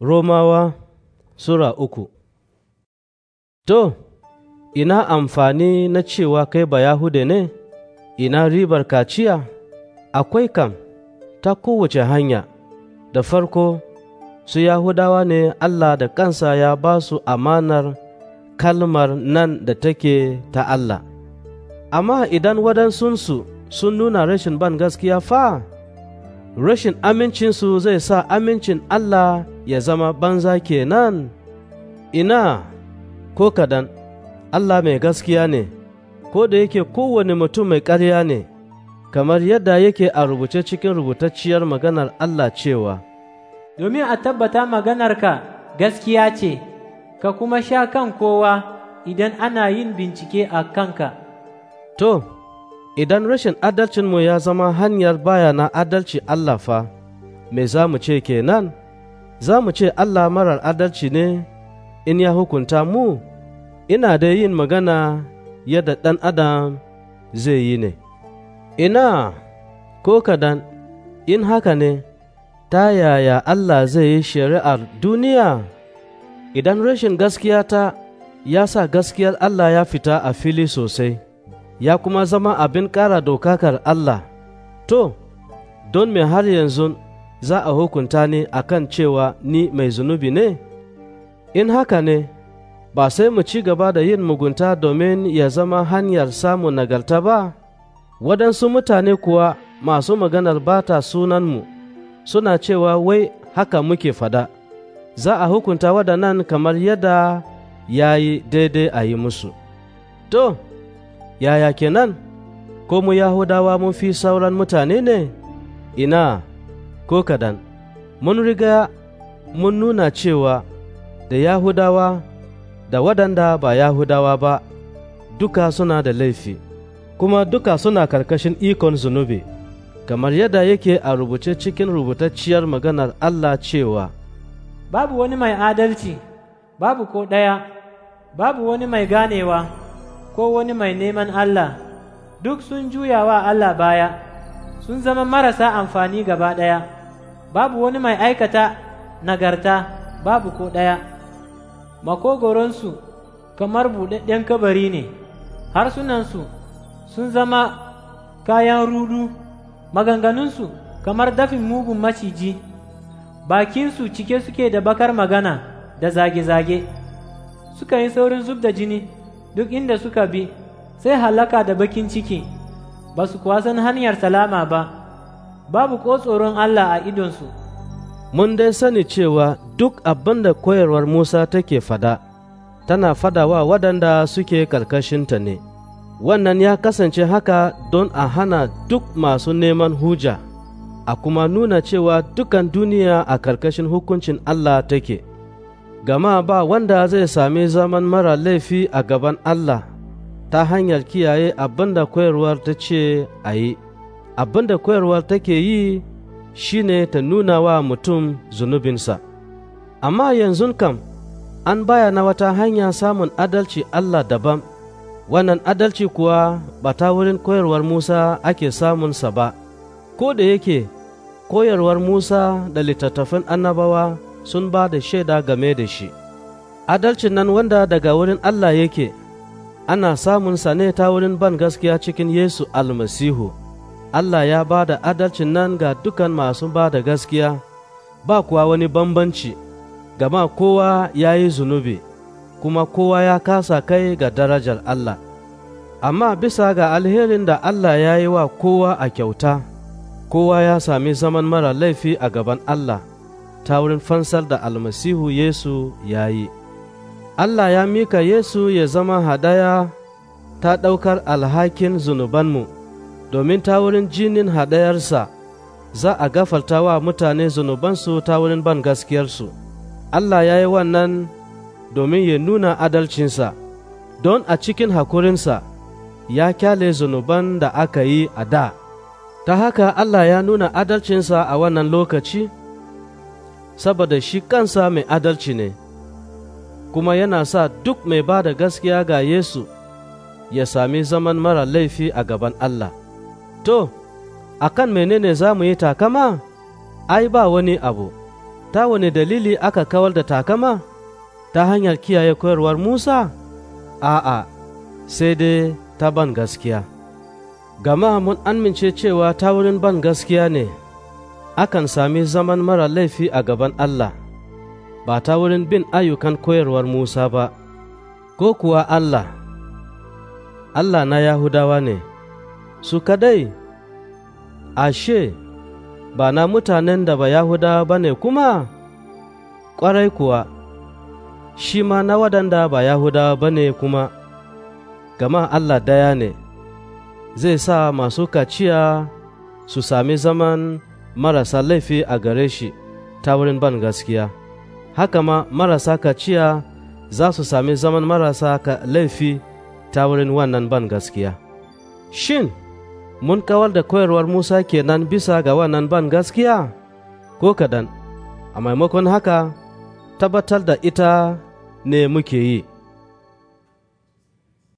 Romawa Sura uku To, ina amfani na cewa kai ba Yahude ne, ina ribar kaciya, akwai kam ta kowace hanya, da farko su Yahudawa ne Allah da kansa ya ba su amanar kalmar nan da take ta Allah. Amma idan waɗansunsu sun nuna rashin ban gaskiya fa, rashin amincinsu zai sa amincin Allah ya zama banza kenan ina ko kadan Allah mai gaskiya ne ko da yake kowane mutum mai ƙarya ne kamar yadda yake a rubuce cikin rubutacciyar maganar Allah cewa domin a tabbata maganarka gaskiya ce ka kuma sha kan kowa idan ana yin bincike a kanka to idan rashin adalcinmu ya zama hanyar baya na adalci Allah fa me za mu ce kenan za mu ce Allah marar adalci ne in ya hukunta mu, ina da yin magana yadda ɗan adam zai yi ne. Ina ko kadan in haka ne, ta yaya Allah zai yi shari'ar duniya idan rashin gaskiya ta ya sa gaskiyar Allah ya fita a fili sosai, ya kuma zama abin ƙara dokakar Allah. To, don mai har yanzu za a hukunta ni a kan cewa ni mai zunubi ne? In haka ne, ba sai mu ci gaba da yin mugunta domin ya zama hanyar samun nagarta ba? Waɗansu mutane kuwa masu maganar bata sunanmu suna cewa wai haka muke fada, za a hukunta waɗannan kamar yadda ya yi daidai a yi musu. To, yaya kenan? Ko mu Yahudawa mun fi sauran mutane ne? Ina. ko kaɗan, mun riga mun nuna cewa da Yahudawa da waɗanda ba Yahudawa ba duka suna da laifi, kuma duka suna karkashin ikon zunubi, kamar yadda yake a rubuce cikin rubutacciyar maganar Allah cewa, Babu wani mai adalci, babu ko ɗaya, babu wani mai ganewa, ko wani mai neman Allah, duk sun juyawa Allah baya, sun zama marasa amfani gaba ɗaya. babu wani mai aikata nagarta babu ko ɗaya makogoronsu kamar buɗaɗɗen kabari ne harsunansu sun zama kayan rudu maganganunsu kamar dafin mugun maciji bakinsu cike suke da bakar magana da zage-zage suka yi saurin zub da jini duk inda suka bi sai halaka da bakin ciki ba su kuwa san hanyar salama ba babu ko tsoron Allah a idonsu. Mun dai sani cewa duk abin da koyarwar Musa take fada, tana fadawa waɗanda suke karkashinta ne. Wannan ya kasance haka don a hana duk masu neman huja, a kuma nuna cewa dukan duniya a karkashin hukuncin Allah take. Gama ba wanda zai sami zaman mara laifi a gaban Allah ta hanyar kiyaye abin da koyarwar ta ce a yi. abin da koyarwar take yi shi ne ta nuna wa mutum zunubinsa amma yanzu kam an baya na wata hanya samun adalci Allah daban wannan adalci kuwa ba ta wurin koyarwar Musa ake samunsa ba ko da yake koyarwar Musa da littattafan annabawa sun ba da shaida game da shi adalcin nan wanda daga wurin Allah yake ana samunsa ne ta wurin ban gaskiya cikin Yesu almasihu Allah ya ba da adalcin nan ga dukan masu ba da gaskiya, ba kuwa wani bambanci, gama kowa ya yi zunubi, kuma kowa ya kasa kai ga darajar Allah. Amma bisa ga alherin da Allah ya yi wa kowa a kyauta, kowa ya sami zaman mara laifi a gaban Allah, ta wurin fansar da almasihu Yesu ya yi. Allah ya mika Yesu ya zama hadaya ta ɗaukar alhakin zunubanmu. domin ta wurin jinin haɗayarsa za a gafarta wa mutane zunubansu ta wurin ban gaskiyarsu. Allah ya yi wannan domin ya nuna adalcinsa, don a cikin hakurinsa ya kyale zunuban da aka yi a da. Ta haka Allah ya nuna adalcinsa a wannan lokaci, saboda shi kansa mai adalci ne, kuma yana sa duk mai ba da gaskiya ga Yesu ya sami zaman mara laifi a gaban Allah. To, a kan menene za mu yi takama? Ai, ba wani abu, ta wani dalili aka kawar da takama? Ta hanyar kiyaye koyarwar Musa? A'a, sai dai ta ban gaskiya. Gama mun amince cewa ta wurin ban gaskiya ne, akan sami zaman mara laifi a gaban Allah, ba ta wurin bin ayyukan koyarwar Musa ba, ko kuwa Allah, Allah na Yahudawa ne. su kadai, ashe, ba na mutanen da ba Yahuda ba ne kuma, ƙwarai kuwa, shi ma na waɗanda ba Yahuda ba ne kuma, gama Allah daya ne, zai sa masu kaciya su sami zaman marasa laifi a gare shi ta wurin ban gaskiya, haka ma marasa kaciya za su sami zaman marasa laifi ta wurin wannan ban gaskiya. Shin, mun kawar da koyarwar Musa kenan bisa ga wannan ban gaskiya? Ko kadan a maimakon haka, tabbatar da ita ne muke yi.